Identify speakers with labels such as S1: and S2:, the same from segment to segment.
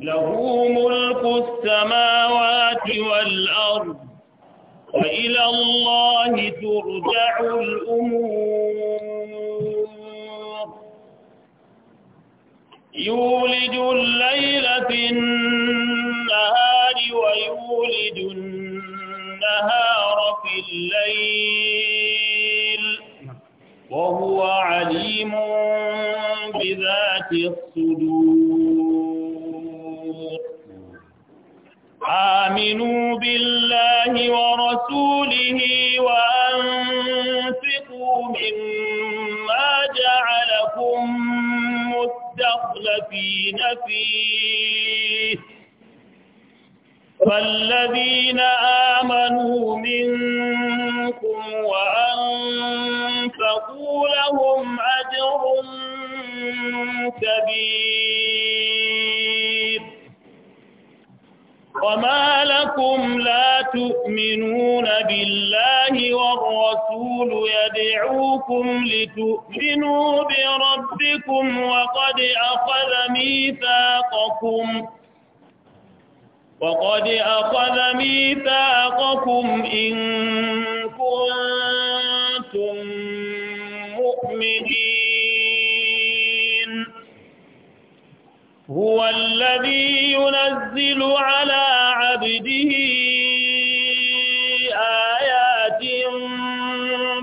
S1: له ملك السماوات والأرض وإلى الله ترجع الأمور يولج الليل في النهار ويولج النهار في الليل وهو عليم بذات الصدور آمنوا بالله ورسوله وأنفقوا مما جعلكم مستخلفين فيه فالذين آمنوا منكم وأنفقوا لهم أجر كبير وما لكم لا تؤمنون بالله والرسول يدعوكم لتؤمنوا بربكم وقد أخذ ميثاقكم وقد أخذ ميثاقكم إن كنتم مؤمنين هو الذي ينزل على عبده آيات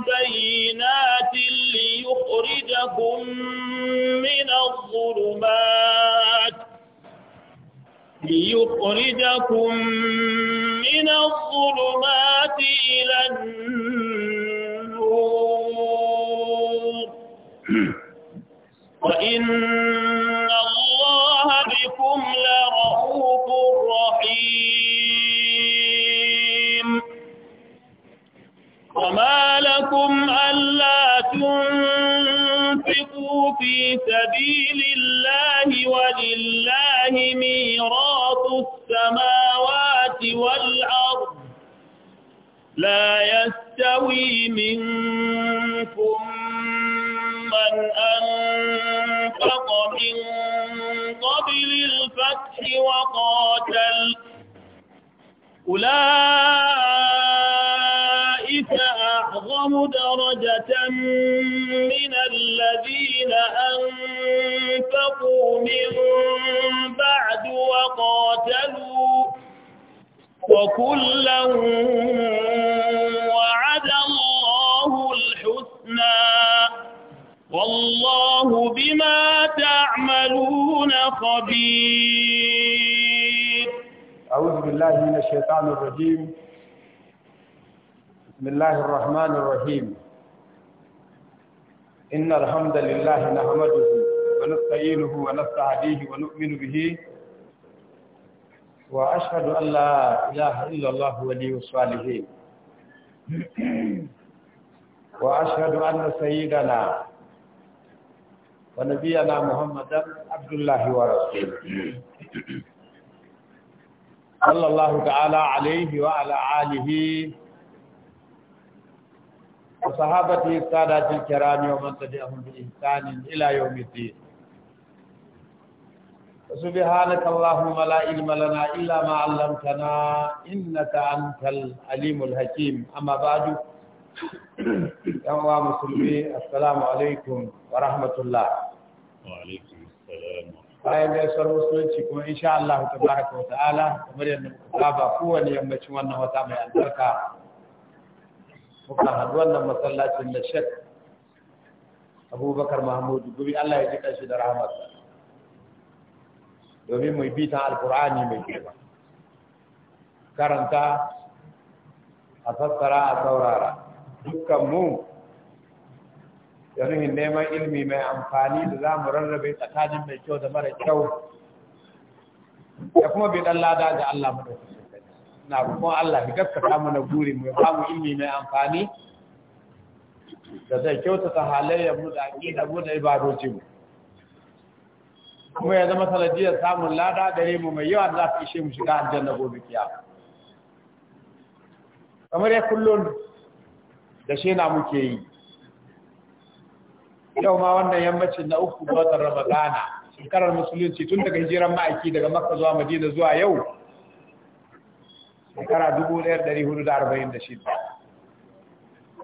S1: بينات ليخرجكم من الظلمات ليخرجكم من الظلمات إلى النور وإن السماوات والأرض لا يستوي منكم من أنفق من قبل الفتح وقاتل أولئك أعظم درجة من الذين أنفقوا من جاهدوا وقاتلوا وكلا وعد الله الحسنى والله بما تعملون خبير
S2: أعوذ بالله من الشيطان الرجيم بسم الله الرحمن الرحيم إن الحمد لله نحمده ونستعينه ونستهديه ونؤمن به وأشهد أن لا إله إلا الله ولي الصالحين وأشهد أن سيدنا ونبينا محمدا عبد الله ورسوله صلى الله تعالى عليه وعلى آله وصحابته السادات الكرام ومن تبعهم بإحسان إلى يوم الدين سبحانك اللهم لا علم لنا إلا ما علمتنا إنك أنت العليم الحكيم أما بعد يا مسلمي السلام عليكم ورحمة الله وعليكم السلام bayan gaisuwar musulunci kuma insha Allah ta baraka wa ta'ala kamar yadda muka saba kowane yammacin wannan wata mai albarka muka haɗu wannan masallacin da Sheikh Abubakar Mahmud gobe Allah ya ji shi da rahmatsa domin mai bi ta alkur'ani mai girma karanta a fassara a saurara dukkan mu da nuhin neman ilmi mai amfani da za mu rarrabe tsakanin mai kyau da mara kyau ya kuma bi dan lada ga Allah mu na roƙon Allah ya gaskata mana guri mai ba mu ilmi mai amfani da zai kyautata halayyar mu da aqida mu da ibadoci mu kuma ya zama sanadiyar samun lada gare mu mai yawa za su ishe mu shiga aljanna gobe kiya kamar ya kullum da na muke yi yau ma wannan yammacin na uku ga watan ramadana shekarar musulunci tun daga hijiran ma'aiki daga makka zuwa madina zuwa yau shekara 1446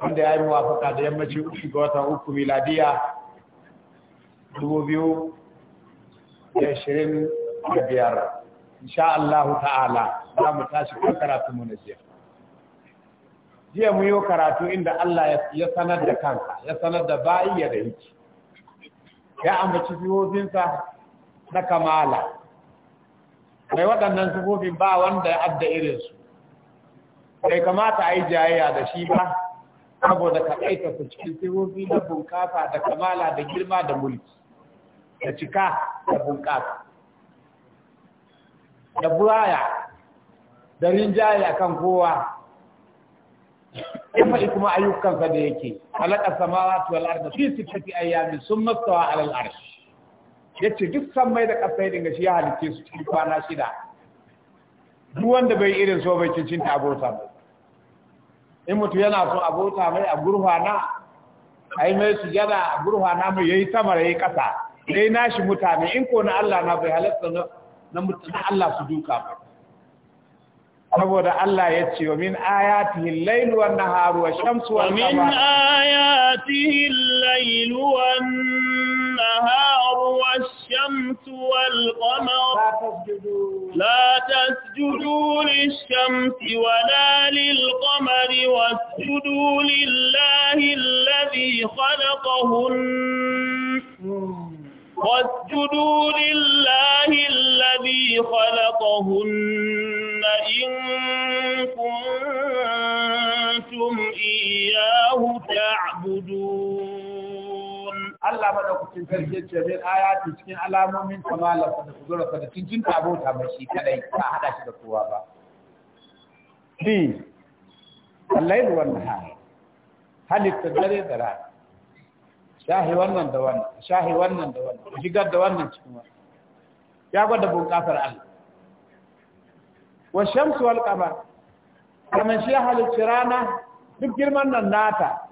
S2: wanda ya yi muwafaka da yammacin uku ga watan uku miladiya 2000 Yashirin da biyar insha Allah ta'ala za mu tashi kan karatu mu na jiya jiya mu yi karatu inda Allah ya sanar da kanka ya sanar da bayi ya da hiki ya ambaci sifofinsa na kamala mai waɗannan sifofin ba wanda ya adda irinsu bai kamata a yi jayayya da shi ba saboda ka ɗaita su cikin sifofi na bunƙasa da kamala da girma da mulki da cika da bunƙasa da buraya da rinjaye a kan kowa ya faɗi kuma ayyukansa da yake alaƙa samawa tuwal arda fi sittati ayyami sun mastawa alal arsh ya ce duk san mai da ƙasa ya dinga shi ya halitta su cikin kwana shida duk wanda bai irin so bai cincin ta abota mai in mutum yana son abota mai a gurfana a yi mai sujada a gurfana mai ya yi sama ya yi ƙasa ne nashi mutane in ko na Allah na bai halatta na na mutane Allah su duka ba saboda Allah ya ce wa min ayatihi
S1: al-layl wa an nahar wa shamsu wa min ayatihi al-layl wa an-naharu nahar wa ash-shamsu والشمس والقمر لا تسجدوا لا تسجدوا للشمس ولا للقمر واسجدوا lillahi alladhi خلقهن واسجدوا لله الذي خلقهن إن كنتم إياه تعبدون
S2: الله مدوكتين فرجة جميل آيات cikin alamomin kamalarsa da kudurarsa da cikin abota mai shi kadai ba hada shi da kowa ba. Bi, Allah yi wannan hali, dare da shahi wannan da wannan shahi wannan da wannan shigar da wannan cikin wannan ya gwada bunƙasar Allah wa shamsu wal qamar kuma shi ya halicci rana duk girman nan nata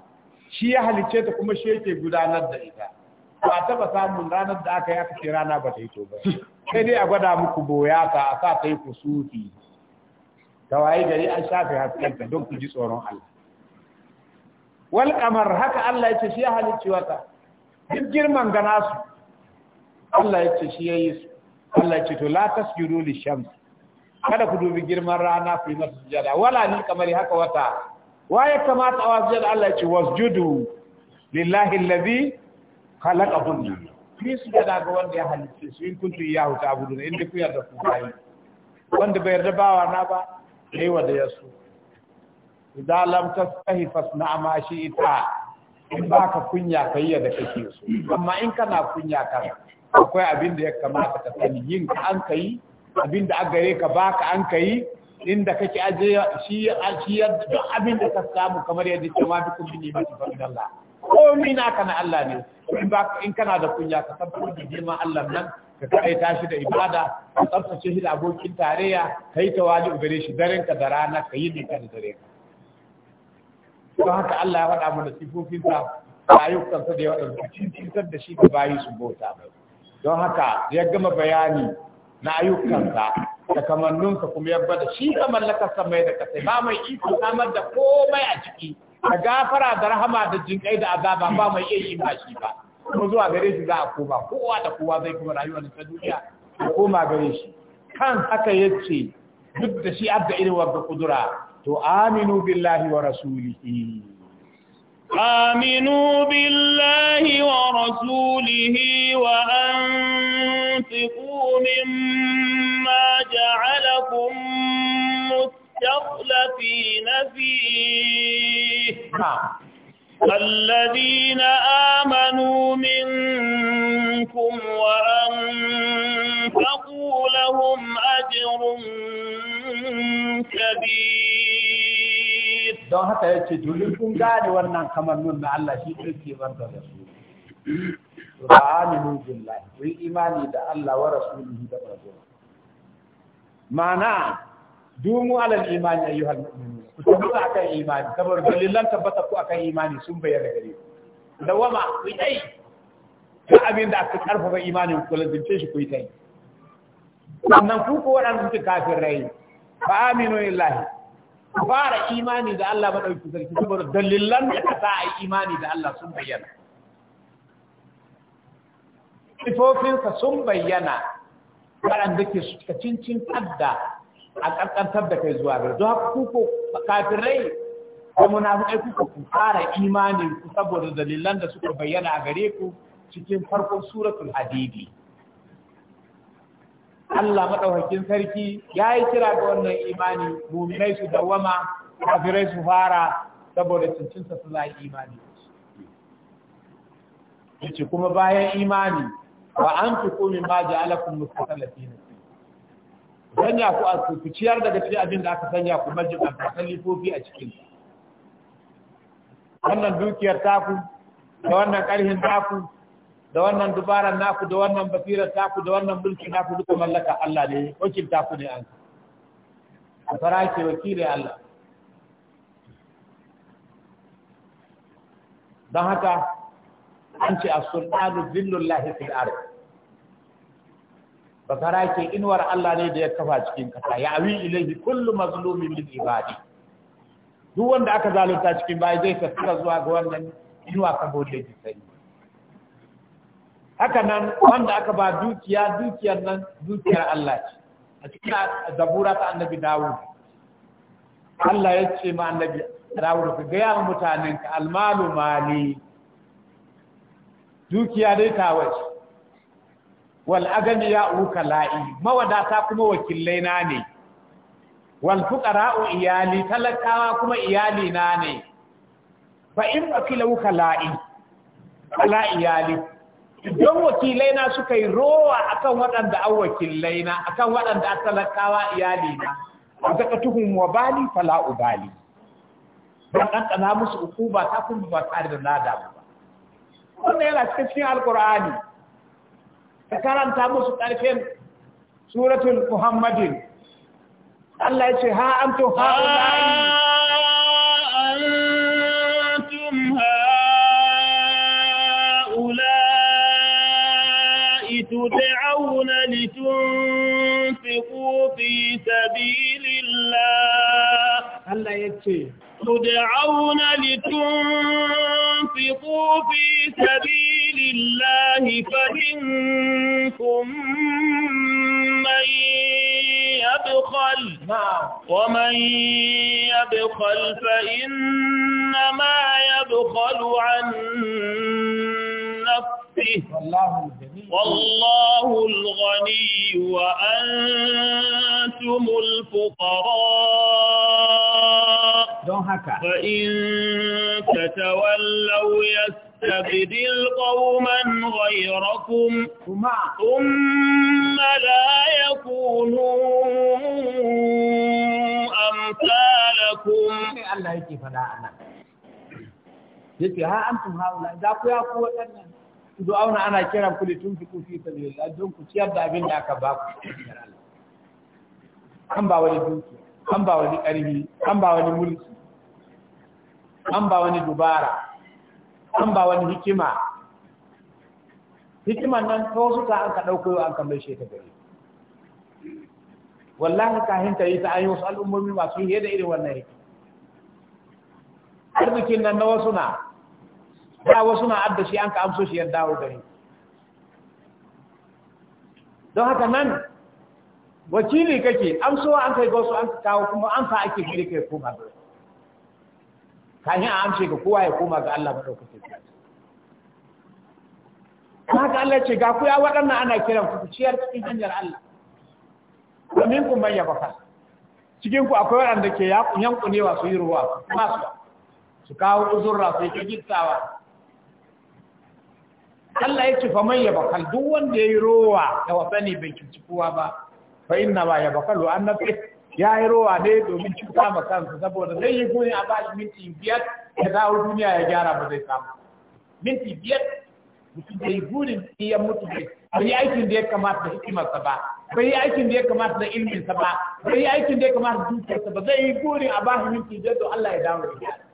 S2: shi ya halicce ta kuma shi yake gudanar da ita To a taba samun ranar da aka yi aka ce rana ba ta yi to ba sai dai a gwada muku boya ta a sa ta yi kusufi ta waye gari an shafe haskenta don ku ji tsoron Allah wal kamar haka Allah ce shi ya halicci wata duk girman gana su Allah ce shi ya yi su Allah ce to la tasjudu shams kada ku dubi girman rana ku yi masa sujada wala ni kamar haka wata Wa ya kamata a wasjud Allah yace wasjudu lillahi alladhi khalaqahunna ni sujada ga wanda ya halicce su in kuntu iyahu in inda ku yarda ku bayi wanda bai yarda bawa na ba yayi wanda ya so idan lam tastahi fasna ma ita, in baka kunya kai da kake so amma in kana kunya ka akwai abin da ya kamata ka sani yin ka an kai abin da aka gare ka baka an kai inda kake aje shi shi duk abin da ka samu kamar yadda ke ma duk bin nimati fa min Allah komai naka na Allah ne in ba in kana da kunya ka tabbatar da girman Allah nan ka kai shi da ibada ka tsaftace shi da abokin tarayya kai tawali gare shi daren ka da rana ka yi ne ka da dare ka don haka Allah ya faɗa mana sifofinsa ayyukansa da ya waɗanda cintar da shi da bayi su bauta mai don haka ya gama bayani na ayyukansa da kamannunsa kuma ya bada shi ka mallakarsa mai da kasai ba mai iko samar da komai a ciki da gafara da rahama da jinkai da azaba ba mai iya yi ba shi ba kuma zuwa gare shi za a koma kowa da kowa zai kuma rayuwa da ta duniya ya koma gare shi kan haka ya ce duk da shi abda irin wadda kudura to aminu billahi
S1: wa rasulihi آمنوا بالله ورسوله وأنفقوا مما جعلكم مستخلفين فيه نعم. الذين آمنوا منكم وأنفقوا لهم أجر كبير don haka ya ce
S2: domin kun gane wannan kamannin na Allah shi ɗauke barka da su ba imani da Allah wa rasulihi da ma'ana alal imani ayyuhal ku tabbata akan imani saboda dalilan tabbata ku akan imani sun bayyana gare ku dawama ku yi duk abin da aka karfafa imanin ku lazimce shi ku yi ta yi sannan ku ko waɗanda suke kafin rai fa aminu lillahi ku fara imani da Allah madauki sarki saboda dalilan da ka sa a yi imani da Allah sun bayyana sifofinsa sun bayyana waɗanda ke cikin cincin kadda a ƙasƙantar da kai zuwa gare don haka kuko kafirai da munafikai kuka ku fara imanin ku saboda dalilan da suka bayyana a gare ku cikin farkon suratul hadidi Allah maɗaukakin sarki ya yi kira ga wannan imani muminai su dawama kafirai su fara saboda cincinsa su za imani yace kuma bayan imani wa an fi komi ma ja'alakum mustasalafina sanya ku a ku ciyar daga cikin abin da aka sanya ku majin alfasan lifofi a cikin wannan dukiyar taku da wannan ƙarhin taku da wannan dubaran naku da wannan basirar taku da wannan mulkin naku duka mallaka Allah ne wakil taku ne an a ke wakile Allah don haka an ce a sulɗanu zillullahi fil ardh bakara ke inuwar Allah ne da ya kafa cikin kasa ya awi ilaihi kullu mazlumin min ibadi duk wanda aka zalunta cikin bayi zai tafi zuwa ga wannan inuwa saboda ji sai haka nan wanda aka ba dukiya dukiyar nan dukiyar Allah ce a cikin zabura ta annabi Dawud Allah ya ce ma annabi Dawud ka ga mutanen ka almalu mali dukiya dai ta wace wal aganiya ukala'i mawadata kuma wakilai na ne wal fuqara'u iyali talakawa kuma iyali na ne fa in wakila ukala'i ala iyali don wakilai na suka yi rowa akan waɗanda an wakilai na akan waɗanda an talakawa iyali na zaka tuhum wa bali fala ubali don ɗanɗana musu ukuba ta kuma ba tare da nada ba wannan yana cikin alkur'ani ka karanta musu ƙarshen suratul muhammadin Allah ya ce ha antum
S1: ha'ula'i تدعون لتنفقوا في سبيل الله الله يكفي تدعون لتنفقوا في سبيل لله فمنكم من يبخل ومن يبخل فإنما يبخل عن نفسه والله الغني وأنتم الفقراء فإن تتولوا يستبدل قوما غيركم ثم لا يكونوا أمثالكم الله يكفي
S2: فلا أنا yake ha za ku ya auna ana kiran ku tun fi kufi da don ku ciyar da abin da aka ba ku an ba wani duki an ba wani ƙarfi, an ba wani mulki an ba wani dubara an ba wani hikima hikiman nan ta wasu ta an ka ɗauko yau an ka mai ta gari wallahi ka hinta yi ta an yi wasu al'ummomi masu yi da irin wannan hikima arzikin nan na wasu na ba wasu na adda shi an ka amso shi yadda dawo gari. don haka nan wakili kake amsowa an kai gosu an kawo kuma an fa ake gire kai koma Ka yi a amshe ga kowa ya koma ga Allah madaukakin sarki ta haka Allah ce ga kuya waɗannan ana kiran ku ciyar cikin hanyar Allah domin ku manya bakar cikin ku akwai waɗanda ke yankunewa su yi ruwa ba su kawo uzurra su yi kagittawa Allah ya ce faman ya bakal duk wanda yi rowa da wasani bai cuci kowa ba fa inna ba ya wa annabi ya yi rowa ne domin cuta ma kansa saboda zai yi guni a bashi minti biyar ya dawo duniya ya gyara ba zai samu minti biyar mutum bai gurin iya mutu bai bai yi aikin da ya kamata da hikimarsa ba bai yi aikin da ya kamata da ilminsa ba bai yi aikin da ya kamata da dukiyarsa ba zai yi guni a bashi minti biyar da Allah ya dawo da gyara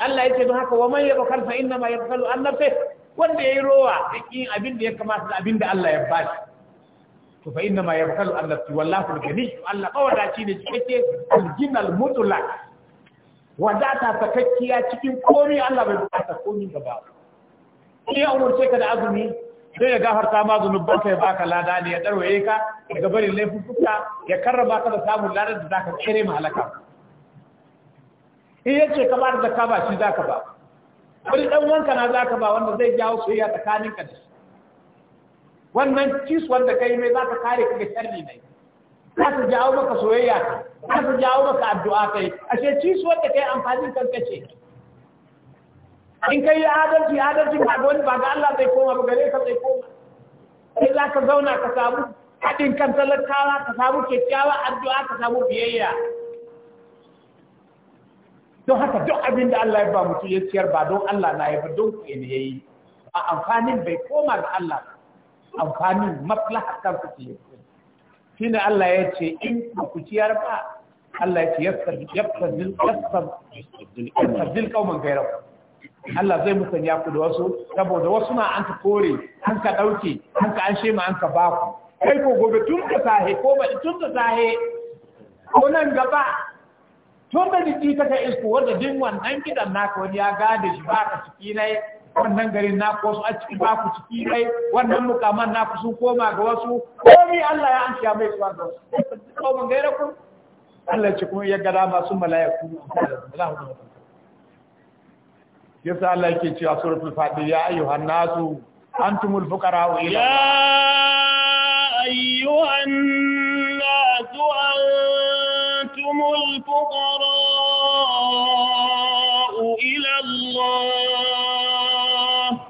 S2: Allah yake don haka wa man bakal fa inna ma yabkhalu an nafsi wanda yayi rowa yake abin da ya kamata da abin da Allah ya bashi to fa inna ma yabkhalu an nafsi wallahu al-ghani Allah kawada shi ne cikakke al-jinal mutlaq wadata takakkiya cikin komai Allah bai bukata komai gaba in ya umurce ka da azumi sai ya gafarta ma zunuban ka ya baka lada ne ya darwaye ka daga barin laifin ya karrama ka da samun ladar da zaka tsere mahalaka in yace ka ba da zakka ba shi zaka ba wani dan wanka na zaka ba wanda zai jawo soyayya tsakanin ka da shi wannan cis wanda kai mai zaka kare ka ga sharri ne za ta jawo maka soyayya za ta jawo maka addu'a kai ashe cis wanda kai amfani ka ce in kai adalci adalci ba ga wani ba ga Allah zai koma ba gare ka zai koma sai za ka zauna ka samu haɗin kan talakawa ka samu kyakkyawa addu'a ka samu biyayya don haka duk abin da Allah ya ba mutum ya ciyar ba don Allah na ya ba don ku ne yayi a amfanin bai koma ga Allah amfanin maslahar kan ku ce shine Allah ya ce in ku ciyar ba Allah ya ce yassar yassar yassar dil kauman gairau Allah zai musanya ku da wasu saboda wasu na an ka kore an ka dauke an ka an shema an ka ba ku kai ko gobe tun ka sahe ko ba tun ka sahe ko nan gaba tun da jiki ka ta isko wanda din wannan gidan na wani ya gada shi ba ka ciki nai wannan garin na ko su a ciki ba ku ciki nai wannan mukaman na ku sun koma ga wasu Komi Allah ya an siya mai suwa ga wasu ko gaira ku Allah ce kuma ya gada masu mala'iku yasa Allah yake cewa suratul fatiha ya ayyuhan nasu antumul fuqara ila ya
S1: ayyuhan nasu antumul fuqara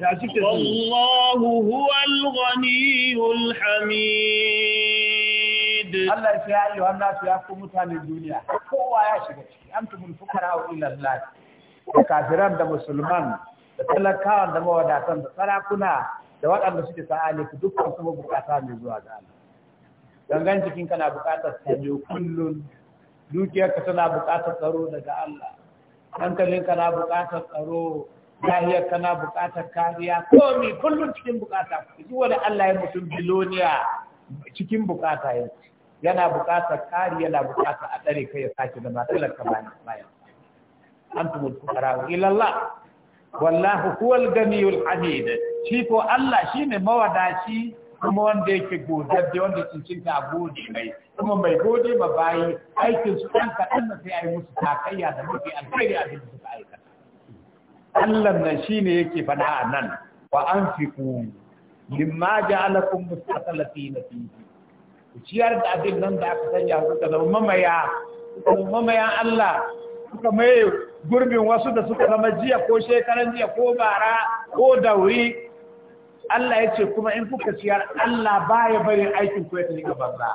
S1: الله هو الغني الحميد الله يا ايها الناس يا قوم الدنيا كوا
S2: يا انت من فقراء الى الله وكافرون ده مسلمان تلكا ده ما ودا سن سراكنا ده وقال له سالك دوك سبب بقاتا من زوا ده dangan cikin kana bukatar tsaro kullun dukiyar ka tana bukatar tsaro daga Allah hankalin kana bukatar tsaro lahiyar kana buƙatar kariya komi kullum cikin buƙata ji wani Allah ya mutum biloniya cikin buƙata ya yana buƙatar kariya yana buƙata a tsare kai ya sake da An talaka bayan bayan antumul fuqara ila Allah gani huwal ganiyul hamid shi ko Allah shine mawadaci kuma wanda yake godar wanda cincin a gode mai kuma mai gode ma bayi aikin su ɗan kaɗan na sai a yi musu takayya da mafi alkhairi a cikin suka aikata Allah nan shi ne yake faɗa a nan wa an fi anfiqu mimma ja'alakum mustasalafina fihi ku ciyar da abin nan da aka sanya kuka zama mamaya kuka zama mamayan Allah kuka mai gurbin wasu da suka zama jiya ko shekaran jiya ko bara ko dauri Allah ya ce kuma in kuka ciyar Allah baya bari aikin ku ya tafi ga banza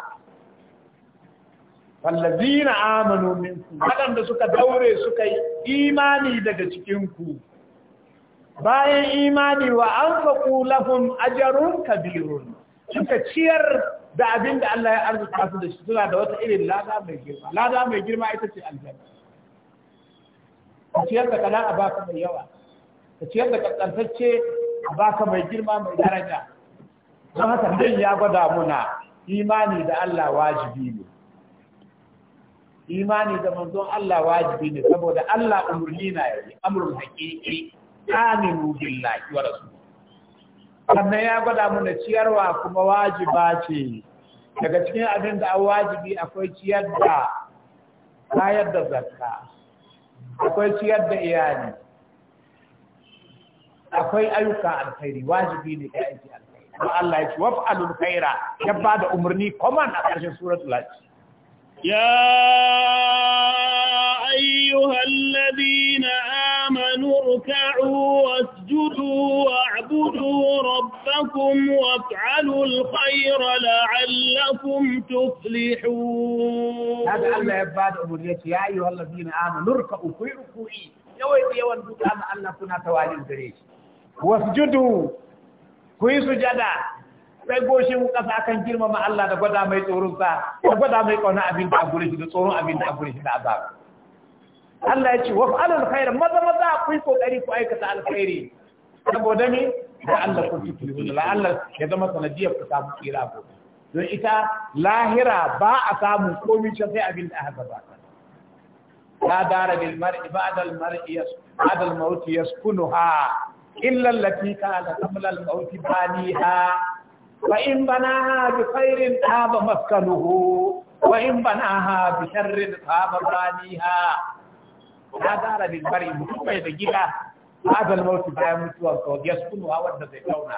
S2: na amanu minkum waɗanda suka daure suka yi imani daga cikin ku bayan imani wa anfaqu lahum ajrun kabirun suka ciyar da abin da Allah ya arzuta su da shi suna da wata irin lada mai girma lada mai girma ita ce aljanna ka ciyar da kana a baka mai yawa ka ciyar da kaskantacce a baka mai girma mai daraja don haka din ya gwada muna imani da Allah wajibi ne imani da manzon Allah wajibi ne saboda Allah umurni na yayi amrul haqiqi aminu billahi wa rasuluhu sannan ya gwada mana ciyarwa kuma wajiba ce daga cikin abin da an wajibi akwai ciyar da kayar da zakka akwai ciyar da iyali akwai ayyuka alkhairi wajibi ne ya aiki alkhairi amma Allah ya ce waf'alul khaira ya ba da umarni command a ƙarshen suratul hajj
S1: ya ayyuhal ladhi واركعوا واسجدوا واعبدوا ربكم وافعلوا الخير لعلكم تفلحون هذا الله
S2: يبعد أمريك يا أيها الذين آمنوا اركعوا في ركوعي يويت يوان بكام أن كنا توالي بريش واسجدوا كوي سجدا sai goshin kasa kan girmama Allah da gwada mai tsoron sa da gwada mai kauna abin da a gure shi da tsoron abin da a gure shi da Allah ya ce wa fa'alul khair maza maza ku yi kokari ku aikata alkhairi saboda ne da Allah ku tuki la Allah ya zama sanadiyar ku samu tsira ko don ita lahira ba a samu komai sai abin da aka zaba لا دار للمرء بعد المرء بعد الموت يسكنها إلا التي كانت قبل الموت بانيها فإن بناها بخير خاب مسكنه وإن بناها بشر خاب بانيها na zara min bari mutum bai da gida azal mauti bayan mutuwar ka ya sunu a wanda zai kauna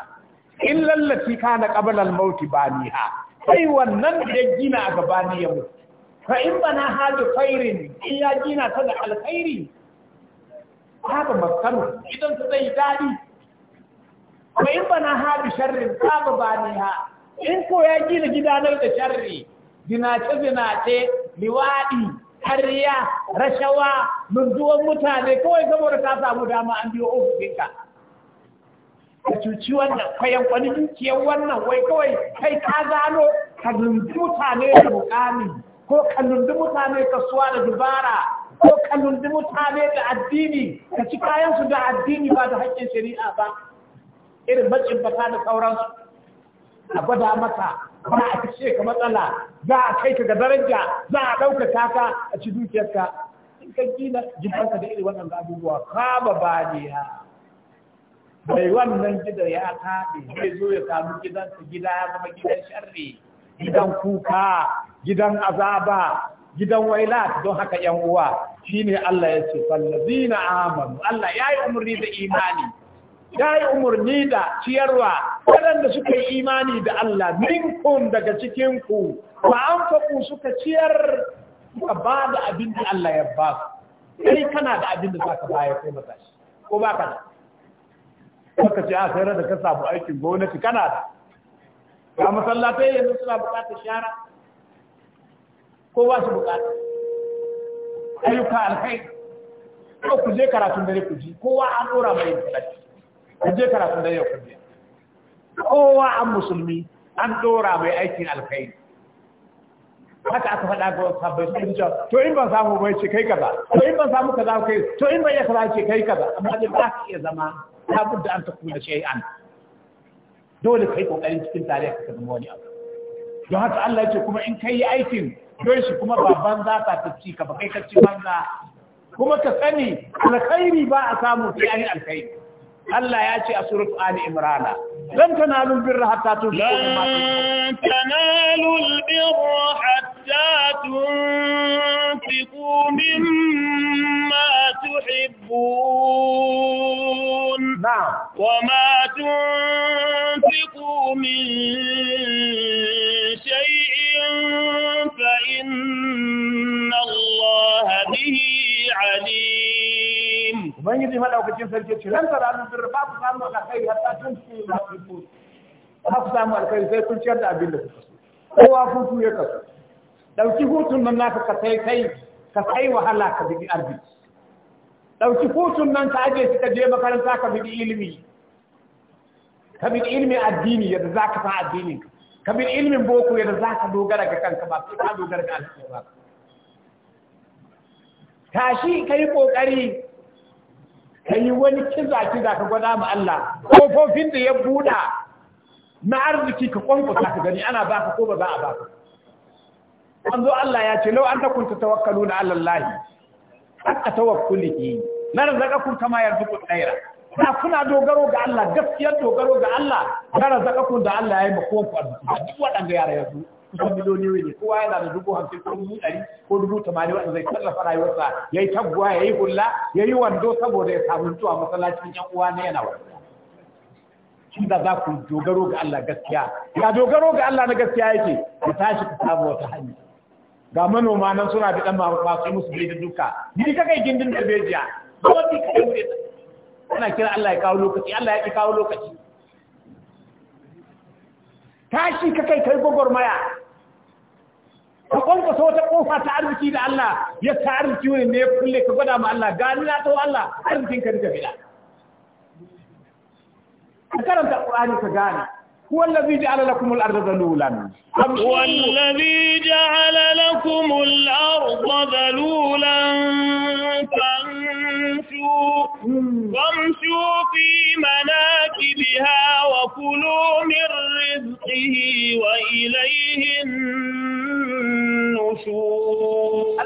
S2: in lallaci kana almauti ba mauti ha. sai wannan da ya gina a ni ya mutu fa in bana hadu khairin in ya gina ta da alkhairi haka maskanu idan ta zai dadi fa in bana hadu sharrin ka ha. in ko ya gina gidanar da sharri zinace zinace liwaɗi ƙarya, rashawa lunduwan mutane kawai saboda ta samu dama an biyo ofisinka ka cuci wannan kwayan kwani dukiyar wannan wai kawai kai ka gano ka lundu mutane da mukami ko ka lundu mutane kasuwa da dubara ko ka lundu mutane da addini ka ci kayansu da addini ba da haƙƙin shari'a ba irin bacin bata da sauransu a gwada mata ba a kashe ka matsala za a kai ka ga daraja za a ɗauka taka a ci dukiyarka in ka gina jibanka da iri wannan abubuwa kama ba ne ya bai wannan gida ya kaɗe zai zo ya samu gidansa gida ya zama gidan sharri gidan kuka gidan azaba gidan waila don haka yan uwa shine Allah ya ce na amanu Allah ya yi umuri da imani ya yi umarni da ciyarwa waɗanda suka yi imani da Allah minkum daga cikinku ba an faku suka ciyar suka ba da abin da Allah ya ba su ɗari kana da abin da za ka baya kai mata shi ko ba ka da suka ce a sai da ka samu aikin gwamnati kana da ga masallatai yanzu suna bukatar shara ko ba su bukata ayyuka alkai ko ku je karatun dare ku ji kowa an dora mai bukata ka je karatun da yau ka kowa an musulmi an dora mai aikin alkhairi haka aka faɗa ga sabbai sun ce to in ban samu bai ce kai kaza to in ban samu kaza kai to in ban iya kaza ce kai kaza amma da ba ka iya zama ta budda an ta kula shay'an dole kai kokarin cikin tare ka zama wani abu don haka Allah ya ce kuma in kai aikin don shi kuma babban za ta tafi ka ba kai ka ci banza kuma ka sani alkhairi ba a samu sai an yi alkhairi Allah ya ce a suratu Ali Imran lan tanalu birra hatta tunfiqu lan
S1: tanalu birra hatta tunfiqu mimma tuhibbun na'am wa ma tunfiqu min ubangiji madaukakin sarki ce ran tara nan bir ba
S2: ku samu alkhairi hatta tun ku na ku ba ku samu alkhairi sai kun ciyar da abin da kuka so kowa hutu ya kasu dauki hutun nan naka ka sai kai ka sai wahala ka bi arziki dauki hutun nan ka aje shi ka je makaranta ka bi ilimi ka bi ilimi addini yadda zaka fa addinin ka ka bi ilimin boko yadda zaka dogara ga kanka ba sai ka dogara ga alkhairi ba tashi kai kokari ka yi wani kiza kiza ka gwada ma Allah kofofin da ya buɗa na arziki ka kwankwasa ka gani ana baka ko ba za a baka an zo Allah ya ce lau an takunta tawakkalu na alallahi haka tawakkulihi na kun kama yarzuqu tsaira na kuna dogaro ga Allah gaskiyar dogaro ga Allah na kun da Allah ya yi makonku arziki duk waɗanda yara yanzu kusan miliyoniyoyi ne kowa yana da dubu hamsin ko dubu ɗari ko dubu tamanin wanda zai tallafa rayuwarsa ya yi taguwa ya yi hula ya yi wando saboda ya samu zuwa masallacin yan uwa na yana Shin da za ku dogaro ga Allah gaskiya ya dogaro ga Allah na gaskiya yake ku tashi ku samu wata hanya ga manoma nan suna da dan masu musu bai da duka ni ka kai gindin darbejiya ko ti kai wuri ana kira Allah ya kawo lokaci Allah ya kawo lokaci tashi ka kai kai gwagwarmaya ka kwankwasa wata kofa ta arziki da Allah ya ta arziki wani ne kulle ka gwada ma Allah gani na ta Allah arzikin ka duka bila ka karanta Qur'ani ka gane هو الذي جعل لكم الأرض ذلولا
S1: هو الذي جعل لكم الأرض ذلولا وامشوا في مناكبها وكلوا من رزقه وإليه النشور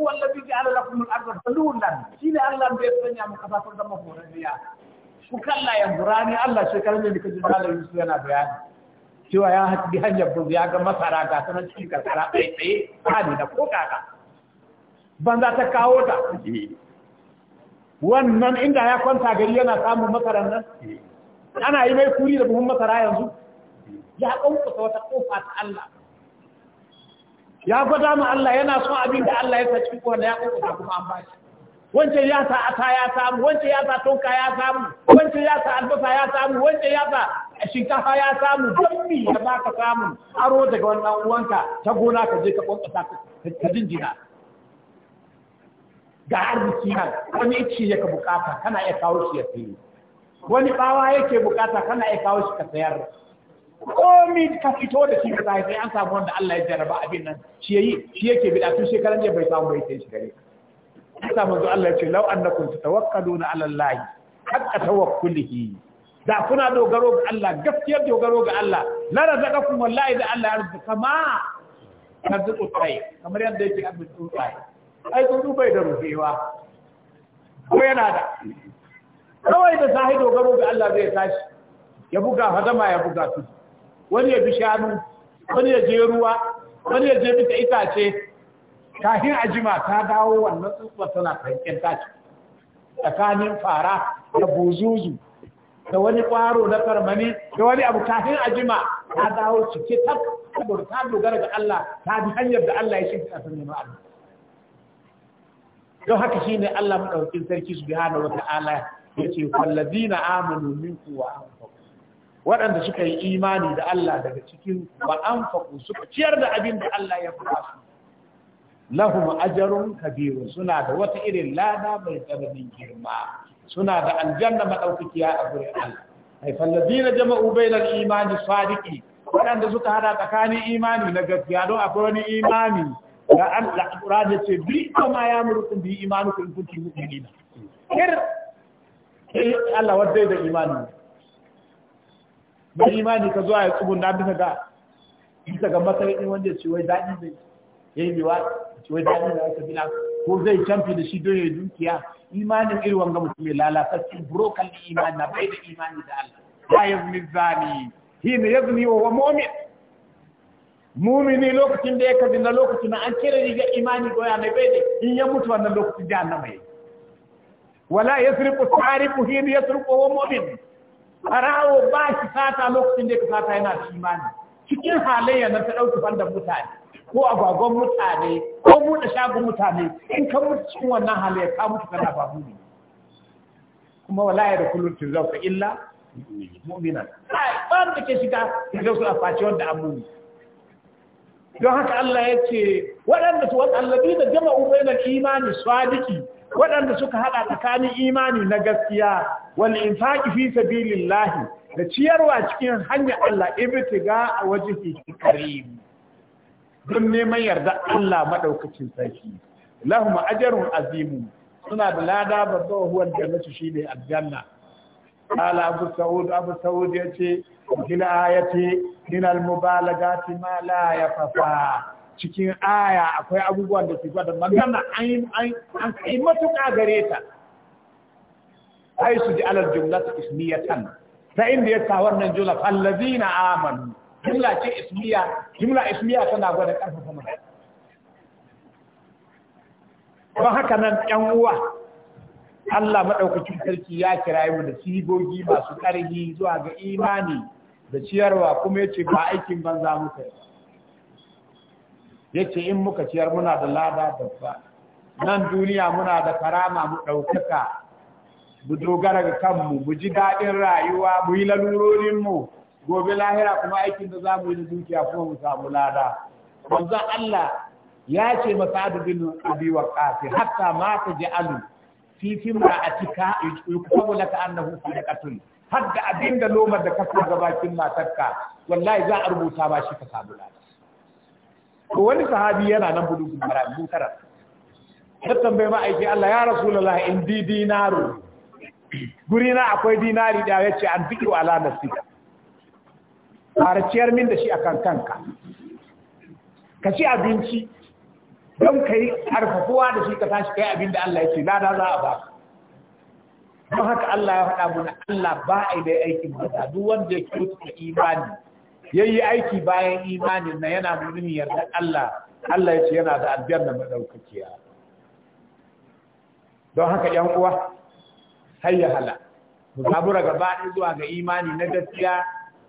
S1: هو الذي جعل
S2: لكم الأرض ذلولا شيل الله بيتنيا مكفاتون دم فورنيا kalla ya burani Allah shekarar da nika jin malam Yusuf yana bayani cewa ya haɗi hanyar bugu ya ga masara ga sanar cikin karkara tsaye tsaye hali da ko banza ta kawo ta wannan inda ya kwanta gari yana samun masarar nan ana yi mai kuri da buhun masara yanzu ya ƙaunkusa wata ƙofa ta Allah ya gwada mu Allah yana son abin da Allah ya sa cikin wanda ya ƙaunkusa kuma an bashi wancan ya sa ata ya samu wancan ya sa tonka ya samu wancan ya sa albasa ya samu wancan ya sa shinkafa ya samu don mi ya baka samu aro daga wannan uwanka ta gona ka je ka ƙaunkusa ka jinjina ga arziki nan wani ci yake bukata kana iya kawo shi ya sayi wani bawa yake bukata kana iya kawo shi ka sayar komi ka fito da shi ka sai an samu wanda Allah ya jarraba abin nan shi yayi shi yake bida tun shekaran jiya bai samu bai sai shi gare ka sai manzo Allah ya ce law annakum tatawakkaluna ala Allah haqqa tawakkulihi da kuna dogaro ga Allah gaskiya dogaro ga Allah la razaqakum wallahi da Allah ya rizqa ma kazu tsaye kamar yadda yake abin tsaye ai tsuntsu bai da rufewa ko yana da kawai da sahi dogaro ga Allah zai tashi ya buga hadama ya buga su wani ya bi shanu wani ya je ruwa wani ya je bita itace kafin ajima ta dawo wannan tsuwa tana kankin tashi tsakanin fara da buzuzu da wani kwaro na karmani da wani abu kafin ajima ta dawo cike ta dogara ga Allah ta bi hanyar da Allah ya shi ta sanin Allah don haka shi ne Allah maɗaukin sarki subhanahu wata'ala yace wallazina amanu minkum wa anfaqu waɗanda suka yi imani da Allah daga cikin wa anfaqu suka ciyar da abin da Allah ya fi su lahum ajarun kabirun suna da wata irin lada mai tsananin girma suna da aljanna madaukakiya a gurin Allah ai fallazina jama'u bainal imani sadiqi waɗanda suka hada tsakanin imani na gaskiya don akwai wani imani ya an Qur'an ya ce bi kama ya murkum bi imanukum kuntum mu'minina kir Allah wadda da imani ba imani ka zo a tsubun da bisa ga bisa ga matsayin wanda ya ce wai daɗi zai yayi wa, ce wai daɗi da aka bila ko zai camfi da shi don ya dukiya imanin irin wanga mutum ya lalata su brokan imani na bai da imani da Allah ya yazni zani hina yazni wa mu'min mumini lokacin da ya kazi na lokacin na an cire riga imani goya mai bai in ya mutu wannan lokacin da jahannama yi wala ya tsari sariqu hin yasriqu wa mu'min arawo ba shi sata lokacin da ya sata yana da imani cikin halayya na ta dauki fanda mutane ko agwagon mutane ko buɗe shagon mutane in ka mutu cikin wannan halayya ka mutu kana babu ne kuma wala ya da tun zauka illa mu'minan ba da ke shiga zauka a face wanda amuni don haka Allah ya ce waɗanda su waɗallabi da jama'u na imani swadiki waɗanda suka haɗa tsakanin imani na gaskiya wani infaqi fi lillahi da ciyarwa cikin hanyar Allah ga a wajhi karim don neman yarda Allah maɗaukacin sarki lahum ajarun azimu suna da lada babba huwa jannatu shine aljanna qala abu sa'ud abu sa'ud ce. fil الآية من المبالغات ما لا يفصى cikin aya akwai abubuwan da su gwada magana an an kai matuƙa gare ta ai su ji alal jumlatu ismiyatan ta inda ya sa wannan jumla allazina amanu jumla ce ismiya jumla ismiya tana gwada karfafa mana don haka nan ƴan uwa Allah madaukakin sarki ya kira da sigogi masu ƙarfi zuwa ga imani da ciyarwa kuma ya ce ba aikin banza muka yi ya ce in muka ciyar muna da lada babba nan duniya muna da karama mu ɗaukaka mu dogara ga kanmu mu ji daɗin rayuwa mu yi lalurorinmu gobe lahira kuma aikin da za mu yi na dukiya kuma mu samu lada manzon Allah ya ce masa'ad bin abi ƙafi, hatta ma taj'alu fi timra'atika yuqabu laka annahu sadaqatun har da abin da lomar da kasa ga bakin matarka wallahi za a rubuta ba shi ka samu lada to wani sahabi yana nan budu mara tara. ta tambaye ma aiki Allah ya rasulullah in di dinaru guri na akwai dinari da yace an biki ala nasika farciyar min da shi akan kanka ka ci abinci don kai arfafuwa da shi ka tashi kai abin da Allah ya ce lada za a baka don haka Allah ya faɗa mana Allah ba a da aiki bata duk wanda ya kyautata imani Ya yi aiki bayan imanin na yana nuni yardar Allah Allah ya ce yana da na maɗaukakiya don haka yan uwa hayya hala mu zabura gaba zuwa ga imani na gaskiya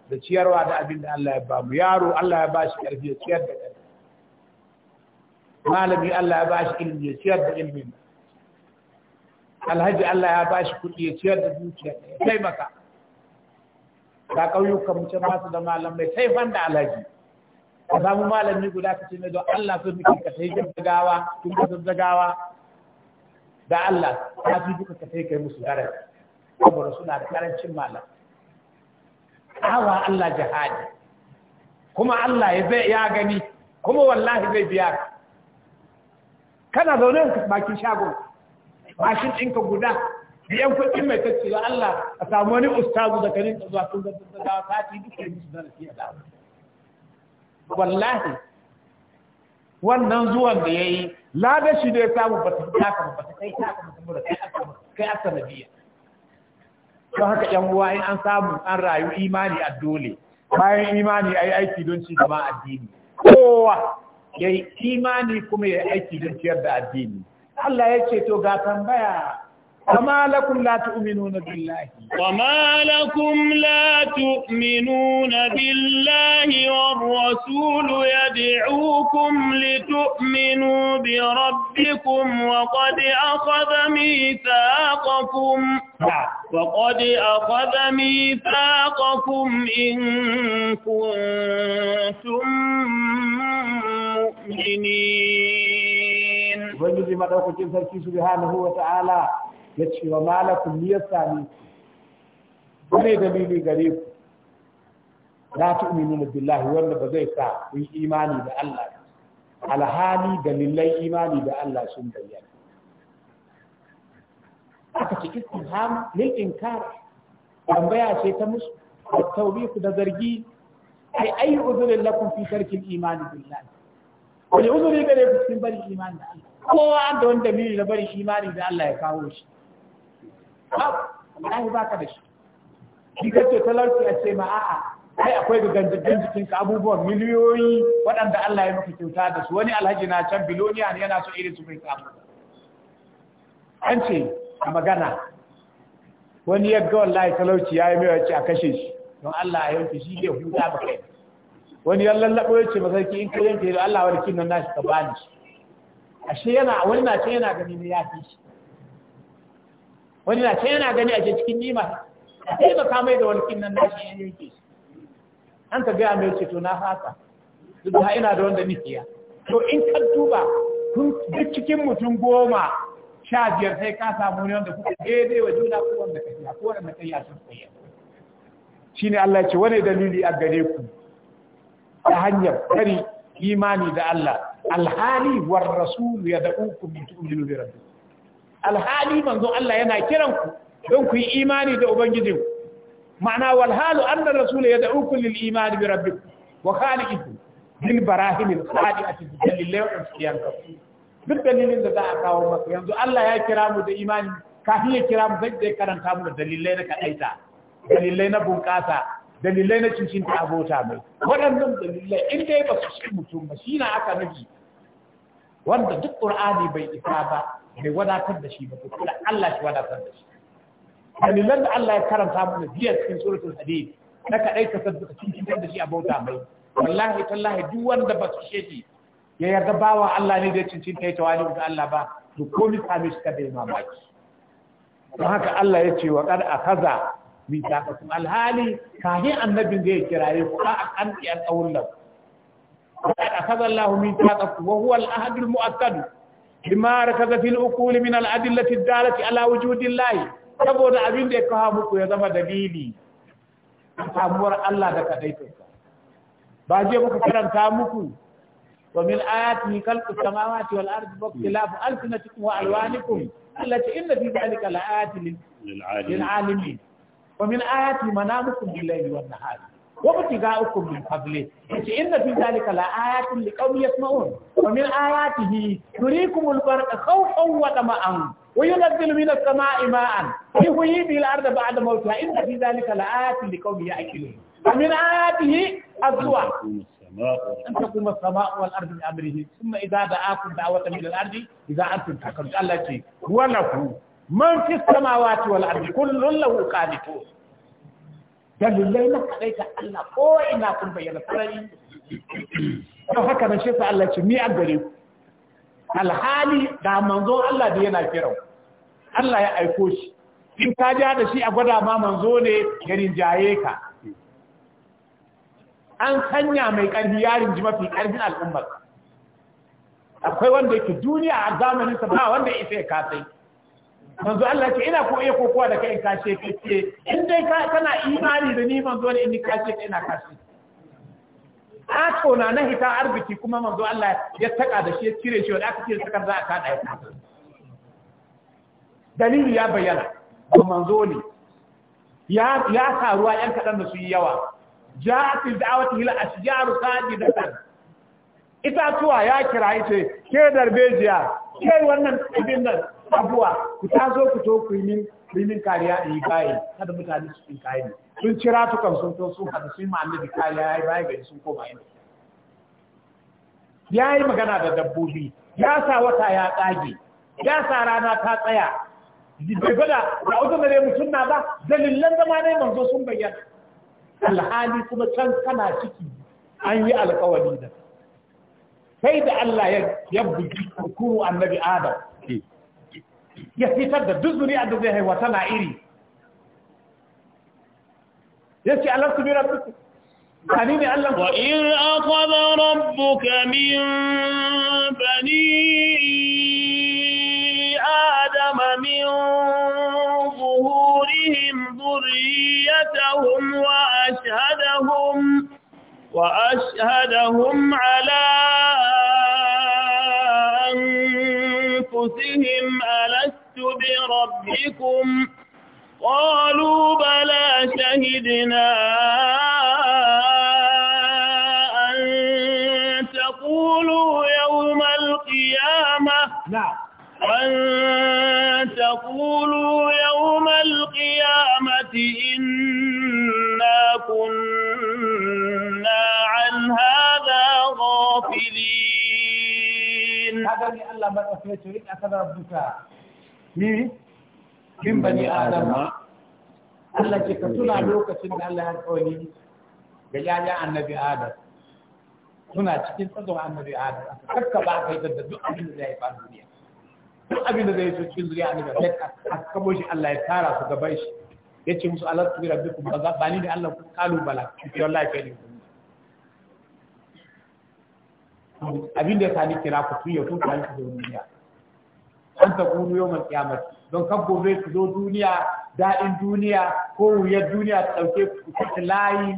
S2: da ciyarwa da abin da Allah ya ba mu yaro Allah ya ba shi ƙarfi ya ciyar da ƙarfi malami Allah ya ba shi ilimi ya ciyar da ilimin alhaji Allah ya ba shi kuɗi ya ciyar da dukiya ya taimaka ga ƙauyukan mu ba su da malamai sai fan da alhaji ka samu malami guda ka ce mai don Allah so fi ka sai gaggagawa tun da Allah ta fi duka ka sai kai musu gara saboda suna da karancin malam awa Allah jihadi kuma Allah ya gani kuma wallahi zai biya ka kana zaune bakin shagon mashin ɗinka guda biyan yan mai kacce da Allah a samu wani ustazu da kanin da zuwa sun zartar da dawa sati duka musu da rafi a dawo wallahi wannan zuwan da ya yi lada shi da ya samu ba ta taka ba ta kai taka ba ta mura kai a biya. don haka yan uwa in an samu an rayu imani a dole bayan imani a yi aiki don ci gaba addini kowa ya yi imani kuma ya yi aiki don ciyar da addini Allah ya
S1: ce to ga tambaya وما لكم لا تؤمنون بالله وما لكم لا تؤمنون بالله والرسول يدعوكم لتؤمنوا بربكم وقد أخذ ميثاقكم نعم. وقد أخذ ميثاقكم إن كنتم مؤمنين وجد ما الفركي
S2: سبحانه وتعالى ya ce wa malakun ni ya sami ku ne dalili gare ku ta la na billahi wanda ba zai sa ku yi imani da Allah alhali dalilai imani da Allah sun bayyana aka ci istinham lil inkar tambaya ce ta musu tawbiku da zargi ai ayi uzurin lakum fi tarkil imani billahi wani uzuri gare ku sun bari imani da Allah kowa an da wani dalili na bari imani da Allah ya kawo shi wallahi baka da shi shi kace talauci a ce a'a ai akwai gangan jikin abubuwan miliyoyi waɗanda Allah ya maka kyauta da su wani alhaji na can biloniya ne yana so irin su mai samu an ce a magana wani ya ga wallahi talauci ya yi mai wace a kashe shi don Allah ya yanke shi ne huta ba kai wani ya lallabo ya ce masarki in ka yanke da Allah wani kinan nashi ka bani shi ashe yana wani na ce yana gani ne ya fi shi wani na ce yana gani a cikin nima a taimaka mai da walƙin nan nashi ya yanke an ka gaya mai ceto na haka duk da ina da wanda nufiya to in ka duba duk cikin mutum goma sha biyar sai ka samu ne wanda kuka daidai wa juna ko wanda ka yi ko wanda ka yi a sun tsaye shi ne Allah ce wani dalili a gare ku ta hanyar kari imani da Allah alhali war rasulu ya da'ukum bi tu'minu bi rabbikum alhali manzon Allah yana kiran ku don ku yi imani da ubangijin ma'ana wal halu anna rasul yad'ukum lil imani bi rabbikum wa khaliqikum bil barahim al khaliqati dalilai wa istiyankum duk dalilin da za a kawo maka yanzu Allah ya kira mu da imani kafin ya kira mu zai karanta mu da dalilai na kadaita dalilai na bunƙasa dalilai na cincin ta abota mai waɗannan dalilai in dai ba su shi mutum ba shi na aka nufi wanda duk ƙur'ani bai isa ba bai wadatar da shi ba ko kuma Allah shi wadatar da shi dalilan da Allah ya karanta mana jiya cikin suratul hadid na kadai ta sadduka cikin da shi a bauta mai wallahi tallahi duk wanda ba su shege ya yarda bawa Allah ne da cincin ta yi tawali ga Allah ba to komai same shi kada ya mamaki don haka Allah ya ce wa kad akaza min taqatum alhali kahi annabin da ya kiraye ku a an an qawlan kad akaza Allah min taqatum wa huwa al-ahad al-mu'akkad bima rakaza fil uquli min al adillati dalati ala wujudillahi saboda abin da ya kawo muku ya zama dalili samuwar Allah da kadaitarsa ba je muka karanta muku wa min ayati khalqus samawati wal ardi wa ikhtilafu alsinatikum wa alwanikum allati inna fi dhalika laayatin lil alimin wa min ayati manamukum bil layli wan nahari وابتغاءكم من فضله إن في ذلك لآيات لقوم يسمعون ومن آياته يريكم البرق خوفا وطمعا وينزل من السماء ماء يحيي به الأرض بعد موتها إن في ذلك لآيات لقوم يأكلون ومن آياته الزوال أن تقوم السماء والأرض بأمره ثم إذا دعاكم دعوة من الأرض إذا أنتم تحكمون الله هو له من في السماوات والأرض كل له قانتون dalilai na kaɗai ta Allah ko ina kun bayyana sarari to haka nan shi sa Allah ce mi an gare ku alhali da manzon Allah da yana firau Allah ya aiko shi in ka ja da shi a gwada ma manzo ne ya jaye ka an sanya mai ƙarfi yarin ji mafi ƙarfin al'ummar akwai wanda yake duniya a zamanin sa ba wanda ya isa ya kasai manzo Allah ce ina ko iya kokowa da kai in kashe kai ce in dai kana imani da ni manzo ne in kashe ka ina kashe Ako na na hita arziki kuma manzo Allah ya taka da shi ya cire shi wanda aka cire za a kada ya kada. Dalili ya bayyana, ba manzo ne, ya karuwa ‘yan kaɗan da su yi yawa, ja a fi da'awata hila a shijaru da ɗan. Itatuwa ya kira ce, ke darbejiya, ke wannan abin nan, abuwa ku zo ku to ku yi min kariya in yi baye kada mutane su fin kayi sun cira kan sun to sun hada sun yi da kariya ya yi baye gari sun koma yin ya yi magana da dabbobi ya sa wata ya tsage ya sa rana ta tsaya bai gwada da auto da mutum na ba dalilan zama ne manzo sun bayyana alhali kuma can kana ciki an yi alkawari da sai da Allah ya bugi kuru annabi Adam ya fitar da duk zuri'ar da zai haihuwa tana iri
S1: ya ce alarsu bi rabbiku kani ne Allah wa in akhadha rabbuka min bani adam min zuhurihim dhurriyyatahum wa ashhadahum wa ashhadahum ala anfusihim alastu بربكم قالوا بلى شهدنا أن تقولوا يوم القيامة نعم. أن تقولوا يوم القيامة إنا كنا عن هذا غافلين هذا اللي الله ما أفيته إن أخذ ربك
S2: ni min bani adama Allah ke ka tuna lokacin da Allah ya kawai ga yayan annabi adam suna cikin tsazon annabi adam kakka ba kai da duk abin da zai faru duniya duk abin da zai so cikin zuriya annabi sai a kamo shi Allah ya tara su gaban shi ya ce musu Allah tuwi rabbikum ba ba ni da Allah ku kalu bala ki wallahi kai ne abin da ya sani kira ku tuyo tun kan ku duniya an ta yau mai qiyamati don kabbo gobe su zo duniya daɗin duniya ko wuyar duniya ta ɗauke ku ta layi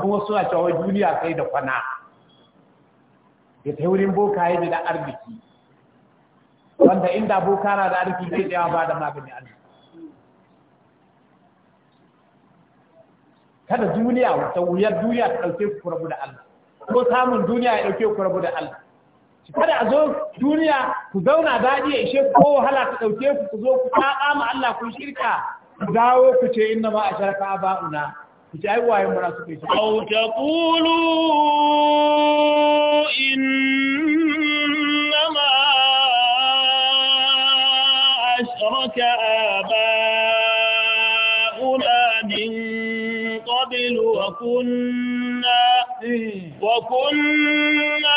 S2: kuma suna cewa duniya sai da kwana ya ta wurin bokaye da arziki wanda inda boka na da arziki zai da ba da magani arziki kada duniya wata wuyar duniya ta ɗauke ku rabu da Allah ko samun duniya ya ɗauke ku rabu da Allah kada a zo duniya ku zauna daɗi ya ishe ko wahala ta ɗauke ku ku zo ku taɓa ma Allah ku shirka ku dawo ku ce inna ma a sharka ba'una
S1: ku ce aiwayen mura su kai su. Au ta kulu inna ma a sharka ba'una min qabilu wa kunna wa kunna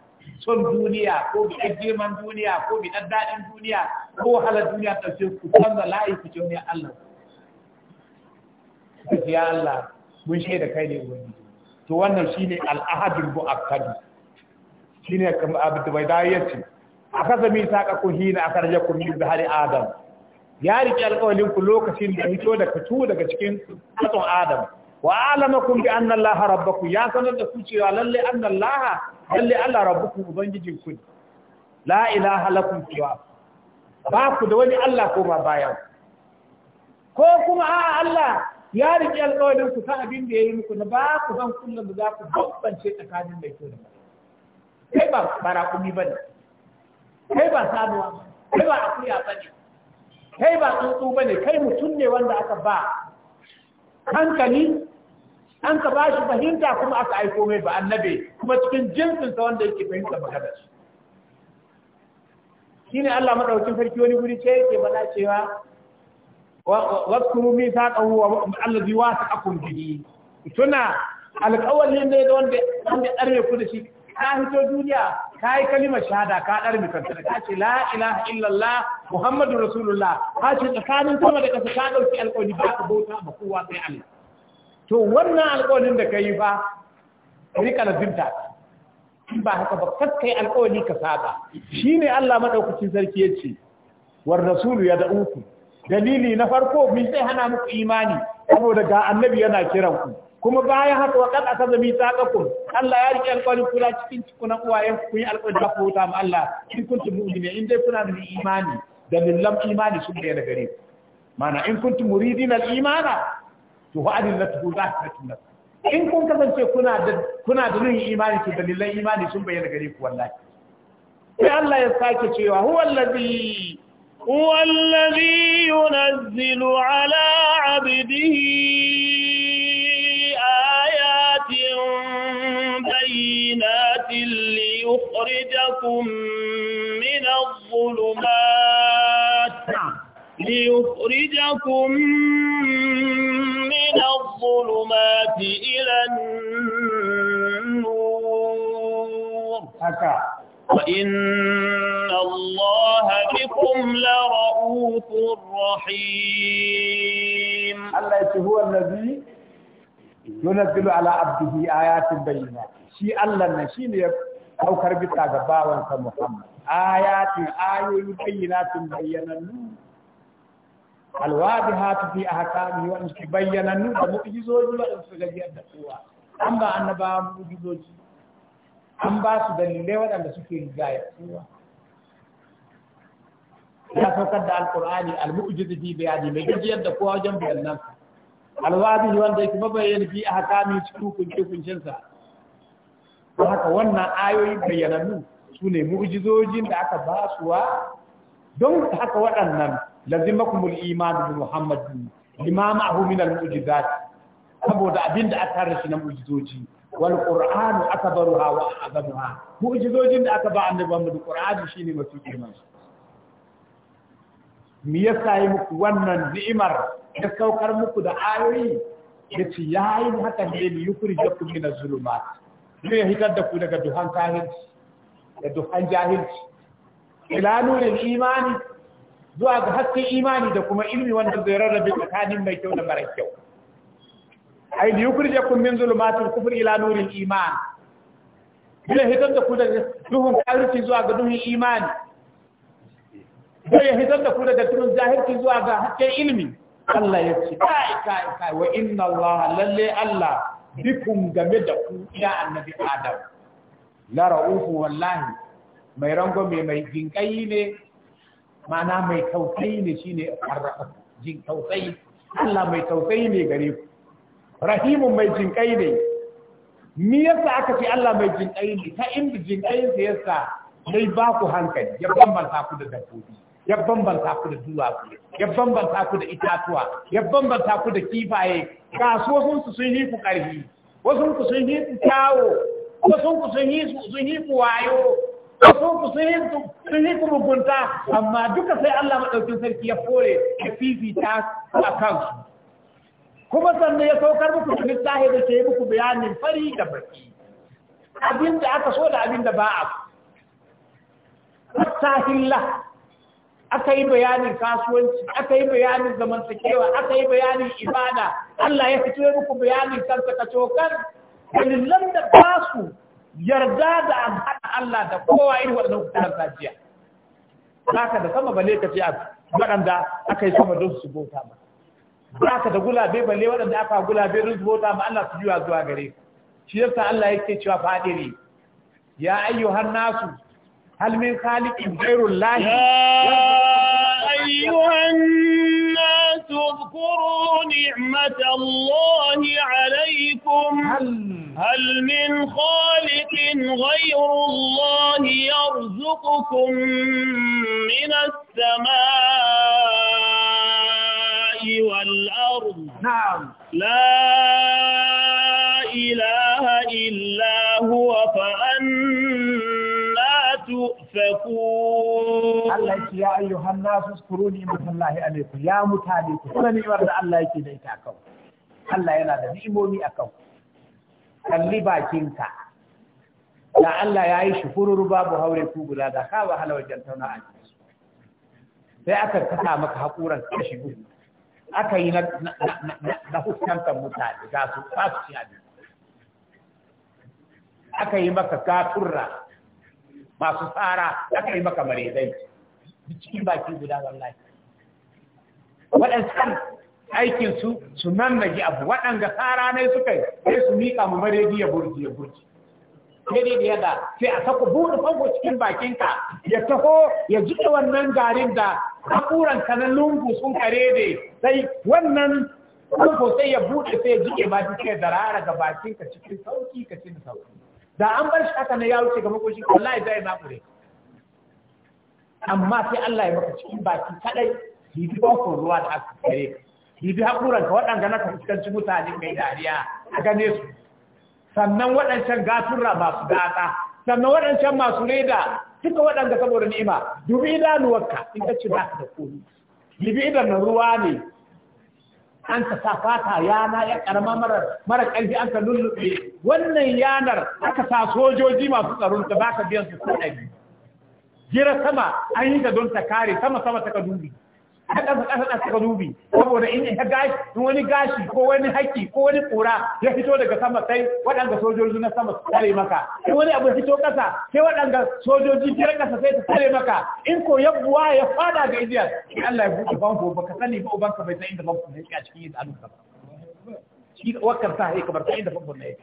S2: son duniya ko bi girman duniya ko bi daɗin duniya ko wahalar duniya ta ce ku canza layi ku ne Allah ya Allah mun shaida kai ne wani to wannan shine al'ahadul mu'akkad shine kamar abu bai da yace aka zami ka ku hina aka raje ku min hari adam ya rike alƙawalin ku lokacin da ya fito daga cikin katon adam wa alamakum bi anna allaha rabbakum ya sanar da ku cewa lalle anna allaha lalle allah rabbukum ubangijin ku la ilaha lakum siwa ba ku da wani allah ko ba bayan ko kuma a allah ya rike alƙawarin ku ta abin da yayi muku na ba ku ban kullum da za ku bambance tsakanin mai ko da kai ba barakumi bane kai ba sabuwa kai ba akuya bane kai ba tsuntsu bane kai mutum ne wanda aka ba hankali an ka ba shi fahimta kuma aka aiko mai ba annabi kuma cikin jinsinsa wanda yake fahimta magana shi shine Allah madaukakin sarki wani guri ce yake bana cewa Allah ميثاقه الذي واثقكم به tuna alƙawalin ne da wanda wanda ɗarme ku da shi ka hito duniya ka yi kalimar shahada ka ɗarme kanka da ka ce la ilaha illallah muhammadu rasulullah ka ce tsakanin sama da ƙasa ka ɗauki alƙawari ba ka bauta ba kowa sai Allah to wannan alƙawarin da ka yi ba rika lazimta in ba haka ba kaskai alƙawari ka saba ne Allah madaukakin sarki ya ce war rasulu ya da'uku dalili na farko min sai hana muku imani saboda ga annabi yana kiran ku kuma bayan haka wa kad akaza mi taqakum Allah ya rike alƙawarin kula cikin cikuna uwayen ku yi alƙawari da ku Allah in kuntum mu'minin in dai kuna da imani da imani sun da gare ku mana in kuntum muridina al-imana to fa adillatu za ta tunna in kun kasance kuna da kuna da ruhin imani to dalilan imani sun bayyana gare ku wallahi sai Allah ya sake cewa
S1: huwa allazi هو الذي ينزل على عبده آيات بينات ليخرجكم من الظلمات ليخرجكم من الظلمات إلى النور وإن الله بكم لرؤوف رحيم
S2: الله هو الذي ينزل على عبده آيات بينات شيء الله نشين أو كربتا جباوان محمد آيات آيات بينات بينات alwadihatu fi ahkami wa in bayyana nu da mu'jizoji wa in gajiyar da kowa an ba an na annaba mu'jizoji an ba su dalilai waɗanda suke rigaya kowa ya saukar da alqur'ani almu'jizu fi bayani mai gajiyar da kowa wajen bayanan alwadihi wanda yake mabayyana fi ahkami cikin kunce kuncin sa haka wannan ayoyi bayyanannu su ne mu'jizojin da aka ba su wa don haka waɗannan lazimakum al-iman bi Muhammad lima ma'ahu min al saboda abinda aka tare shi na mu'jizoji wal qur'an akbaruha wa azamuha mu'jizojin da aka ba annabi Muhammad qur'ani shine mafi girman mi yasa yi muku wannan ni'imar ya saukar muku da ayoyi ya ya yi haka ne ni yukuri da ku mina zuluma ne ya hitar da ku daga duhan kahirci jahilci ila nurin imani zuwa ga haske imani da kuma ilmi wanda zai rarrabe tsakanin mai kyau da mara kyau ai li yukhrijakum min zulumatul kufri ila nurin iman bila hitar da ku da duhun kafirci zuwa ga duhun imani bila hitar da ku da duhun zahirci zuwa ga haske ilmi Allah ya ce kai kai kai wa inna Allah lalle Allah bikum game da ku ya annabi Adam la ra'ufu wallahi mai rango mai mai jinkai ne ma'ana mai tausayi ne shine arrafa jin tausayi Allah mai tausayi ne gare ku rahimun mai jinkai ne ni yasa aka ce Allah mai jinkai ne ta inda jinkai sa yasa mai ba ku hankali ya bambanta ku da dabbobi ya bambanta ku da duwatsu ya bambanta ku da itatuwa ya bambanta ku da kifaye sun su sun yi ku karfi wasu sun yi ku kyawo wasu sun yi su sun yi ku wayo da sun sun yi mugunta amma duka sai Allah maɗaukin sarki ya kore ya fifita a kansu kuma sannan ya saukar muku da littafi da ke muku bayanin fari da baki abin da aka so da abin da ba a fattahillah aka yi bayanin kasuwanci aka yi bayanin zamantakewa aka yi bayanin ibada Allah ya fito muku bayanin kansa ka cokar da da ba su yarda da an haɗa Allah da kowa irin waɗannan kusuran sajiya za ka da sama bale ka ce a waɗanda aka yi sama don su bauta ba za ka da gulabe bale waɗanda aka gulabe don su bauta ba Allah su juya zuwa gare ka shi yasa Allah yake cewa fadiri ya har nasu hal min khaliqin ghayrul lahi
S1: ya nasu. نعمة الله عليكم هل من خالق غير الله يرزقكم من السماء والأرض نعم لا إله إلا هو فأنت تؤفكون الله يقول يا أيها ya mutane نعمة الله عليكم يا متالي كل نعمة الله يكي
S2: ديك أكو الله ينادى نعموني أكو
S1: kalli bakinka
S2: da Allah ya yi shufururu babu haure ku guda da ka wahala wajen tauna a su, sai aka kasa maka haƙuran kashi uku aka yi na huskantar mutane ga su ba su cin abinci aka yi maka gaturra. masu tsara aka yi maka maredai cikin baki guda wallahi waɗansu aikinsu su mammaji abu waɗanda tsara ne suka yi su miƙa mu maredi ya burji ya burji daidai da yadda sai a sako buɗe fanko cikin bakinka ya taho ya jiƙe wannan garin da hakuran ka na lungu sun kare da sai wannan fanko sai ya buɗe sai ya jiƙe ba duk ya darara ga bakinka cikin sauki ka cikin sauki da an bar shi haka na ya wuce ga makoshi wallahi zai ba kure amma sai Allah ya maka cikin baki kadai bibi bakon ruwa da aka kare bi hakuran ka waɗanda na cikin mutane mai dariya a gane su sannan waɗancan gaturra masu gata sannan waɗancan masu reda duka wadanda saboda ni'ima dubi idanuwarka in ka ci ba da komi bibi idan ruwa ne an ta sa fata yana ya karama mara ƙarfi an ta lullube wannan yanar aka sa sojoji masu tsaron ta baka biyan su ko ɗari jira sama an yi ta don ta kare sama sama ta ka dubi ka ƙasa ƙasa na suka dubi saboda in ka gashi in wani gashi ko wani haƙƙi ko wani ƙura ya fito daga sama sai waɗanda sojoji na sama su tare maka in wani abu ya fito ƙasa sai waɗanda sojoji biyar ƙasa sai su tare maka in ko ya buwa ya fada ga ijiyar in Allah ya buɗe banko ba ka sani ba ubanka bai san inda banko ne a cikin yin alusa ba shi wakar sa ya bar ta inda banko ne ya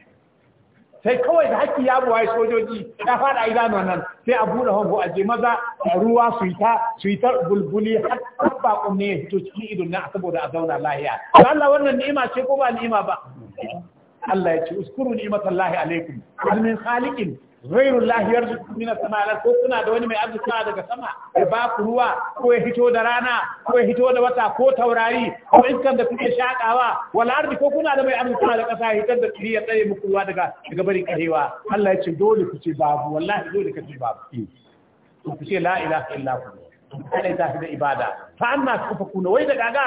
S2: sai kawai da haƙƙi ya buwaye sojoji ya faɗa idanuwan nan sai a buɗe hango a je maza a ruwa su yi ta su yi ta bulbuli har baƙon ne ya fito cikin idon nan saboda a zauna lahiya Allah wannan ni'ima ce ko ba ni'ima ba Allah ya ce uskuru ni'imatallahi alaikum azumin khaliqin lahiyar lahi yarzuqu min as-sama ko kuna da wani mai arzika daga sama ya ba ku ruwa ko ya hito da rana ko ya hito da wata ko taurari ko iskan da kuke shakawa wala ardi ko kuna da mai arzika da kasa hitar da kiri ya tsaye muku ruwa daga daga bari karewa Allah ya ce dole ku ce babu wallahi dole ka ce babu ku ce la ilaha illa Allah kada ta fi da ibada fa anna ku kuna wai da gaga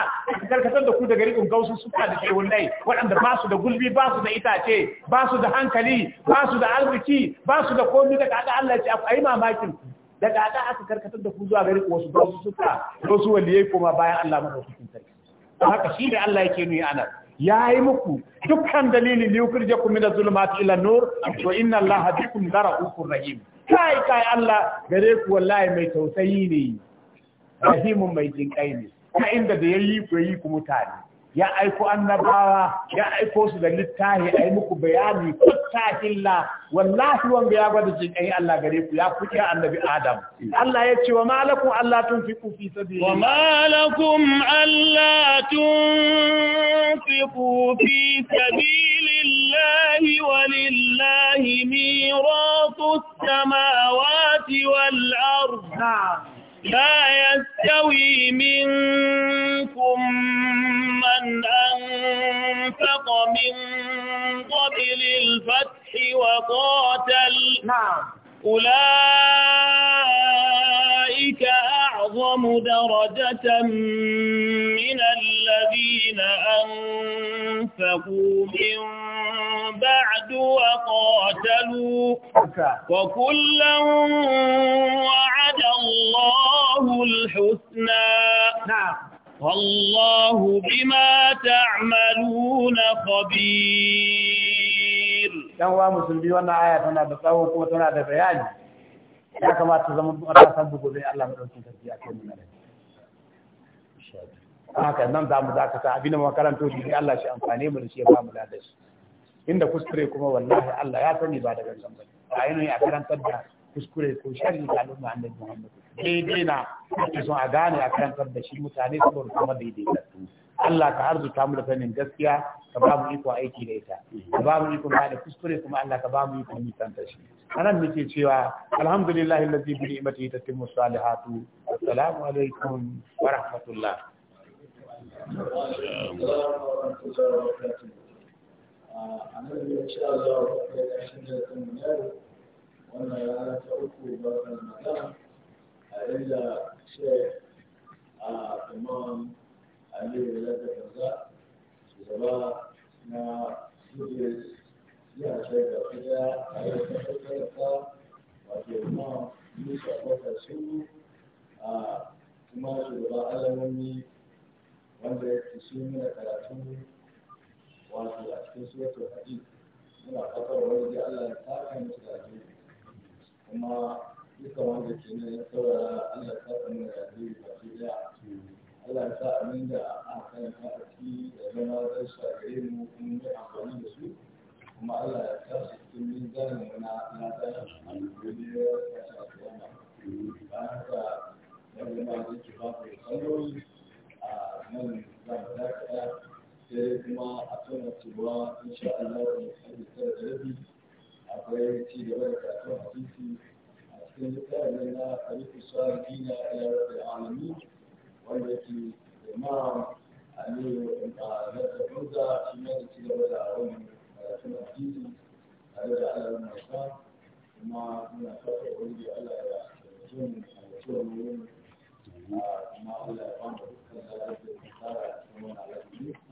S2: karkatar da ku daga rikon gausu suka da shehun dai waɗanda ba su da gulbi ba su da itace ba su da hankali ba su da arziki ba su da komai da gaga Allah ya ce ayi mamakin da gaga aka karkatar da ku zuwa ga rikon wasu gausu suka wasu waliyai kuma bayan Allah madaukakin sarki haka shi ne Allah yake nuni anan ya yi muku dukkan dalili liyukir jaku min zulmati ila nur wa inna allaha bikum la ra'ufur rahim kai kai Allah gare ku wallahi mai tausayi ne rahimun mai jinƙai ne ta inda da ya yi ku yi ku mutane ya aiko annabawa ya aiko su da littahi ai muku bayani kuttahilla wallahi wanda ya gwada jinƙai Allah gare ku ya kuke annabi Adam Allah ya ce wa malakum
S1: Allah tun fi kufi sabili wa malakum Allah tun fi kufi Lillahi wa lillahi mirasu samawati wal ard la يستوي منكم من أنفق من قبل الفتح وقاتل نعم أولئك أعظم درجة من الذين أنفقوا من وقاتلوا وكلا وعد الله الحسنى نعم. والله بما تعملون خبير كان ومسلمي وانا
S2: آية فانا بصوك وانا بفعال كما تزمد مرحباً بقولي الله مرحباً
S3: تزيع كل من الله
S2: أكيد نعم دام ذاك تعبنا ما كان توجيه الله شيئاً فاني من الشيء ما ملادش. inda kuskure kuma wallahi Allah ya sani ba daga gangan ba a yanayi a karantar da kuskure ko sharri da al'umma annabi Muhammad daidai na ake son a gane a karantar da shi mutane saboda kuma daidai da su Allah ka arzuta mu da sanin gaskiya ka ba mu iko aiki da ita ka ba mu iko da kuskure kuma Allah ka ba mu iko mutanta shi anan muke cewa alhamdulillahi allazi bi ni'matihi tatimmu salihatu assalamu alaikum wa rahmatullah
S3: annabi ya ce Allah ya kai ƙarshen da kan yaro wannan rana ta uku ba kan magana a inda ce a imam Aliyu ya da kaza shugaba na Sudan ya ce da kuma a yau ta karkata wato imam Musa Bakar Sulu a kuma shugaba Alamuni wanda ya fi su mana karatu wato a cikin suratul hadid muna fatar wani da Allah ya saka musu da alheri kuma dukkan wanda ke nan ya saurara Allah ya saka mu da alheri ba ke da Allah ya sa amin da aka karanta a ciki da zama zai sa gare mu in yi amfani da su kuma Allah ya sa su cikin minzanin na na tashi a duniya ya sa su yana bayan haka
S1: ya zama zai
S3: ki ba ku sanyoyi a nan zan dakata sai kuma a tuna cewa in sha Allah da hadisi da rabi akwai ci gaba da karatun hadisi a cikin littafin na Alifu Sa'adina ila Rabbil Alamin wanda yake Imam Aliyu da Nazar Hamza shi ne da ci gaba da wannan karatun hadisi tare da Allah Musa kuma muna fata wani Allah ya jin mutum ne kuma Allah ya ba mu dukkan da ya tsara cikin wannan al'amari